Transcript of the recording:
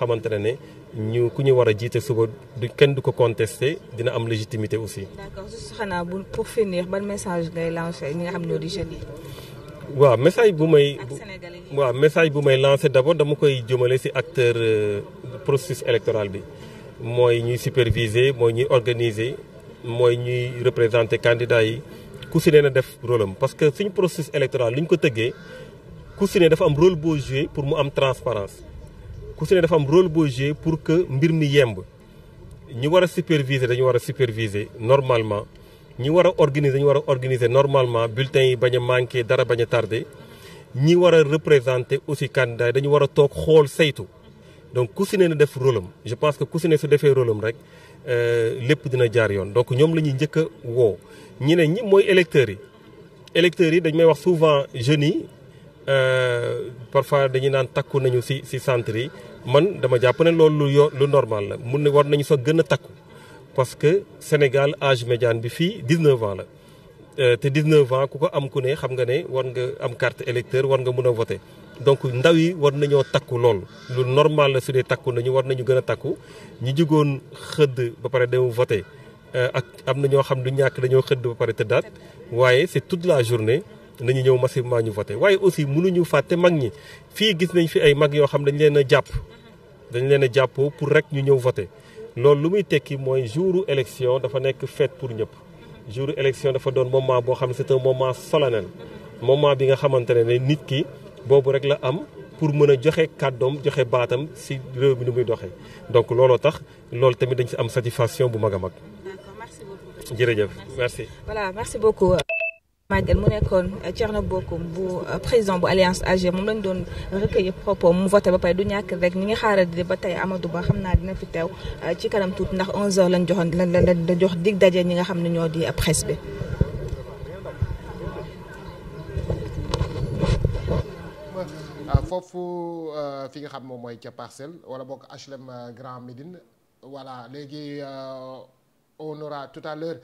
xamante ne ne ñu ku ñu war a jiite suba du kenn du ko contesté dina am légitimité aussi. d'accord juste xanaa bu pour finir ban message ngay lancé ñi nga xam ñoo di waaw message bu may. waaw message bu may lancé d'abord dama koy jëmale ci acteur euh, processus électoral bi mooy ñuy superviser mooy ñuy organiser mooy ñuy représenter candidats yi ku ci ne na def rôle am parce que suñ processus électoral li ñu ko tëggee ku ci ne dafa am rôle boo joué pour mu am transparence ku si ne am rôle boo joué pour que mbir mi yemb ñi war a superviser dañu war a superviser normalement ñi war a organiser dañu war a organiser normalement bulletin yi bañ manqué dara bañ a tardé ñi war a représenter aussi candidat dañu war a toog xool saytu donc ku si ne def rôle am je pense que ku si ne su defee rôle am rek euh, lépp dina jaar yoon donc ñoom la ñuy njëkk woo ñi ne ñi mooy électeurs yi électeurs yi dañ may wax souvent jeunes yi Euh, parfois dañu naan takku nañu si si centre yi man dama jàpp ne loolu lu yo lu normal la mun na war nañu sax gën a takku parce que Sénégal âge médiane bi fii 19 ans la. Euh, te 19 ans ku ko am ku ne xam nga ne war nga am carte électeur war nga mun a voter donc ndaw yi war nañoo takku lool lu normal la su dee takku nañu war nañu gën a takku ñi jigoon xëdd ba pare dem voter euh, ak am na ñoo xam du ñàkk dañoo xëdd ba pare tëddaat waaye c'est toute la journée. nañu ñëw massivement ñu voté waaye aussi mënuñu fàtte mag ñi fii gis nañ fi ay mag yoo xam dañ leen a jàpp dañ leen a jàpp pour rek ñu ñëw voté loolu lu muy tekki mooy jouru élection dafa nekk fête pour ñëpp jouru élection dafa doon moment boo xam ne c'est un moment solennel moment bi nga xamante ne nit ki boobu rek la am pour mën a joxe kàddoom joxe baatam si réew mi nu muy doxee donc looloo tax loolu tamit dañ ci am satisfaction bu mag a mag jërëjëf merci voilà màgget mu nekkoon Thierno Bocoum bu euh, président bu alliance AG moom lañ doon recueillir propos mu voté ba pare du ñàkk rek ñi ngi xaaral di ba tey Amadou Ba xam naa dina fi teew euh, ci kanam tuuti ndax 11h lañ joxoon lañ la jox dig daje ñi nga xam ne ñoo di presse bi. Ah, foofu euh, fi nga xam moom mooy ca parcelle wala bokk HLM Grand Médine voilà léegi on tout à l'heure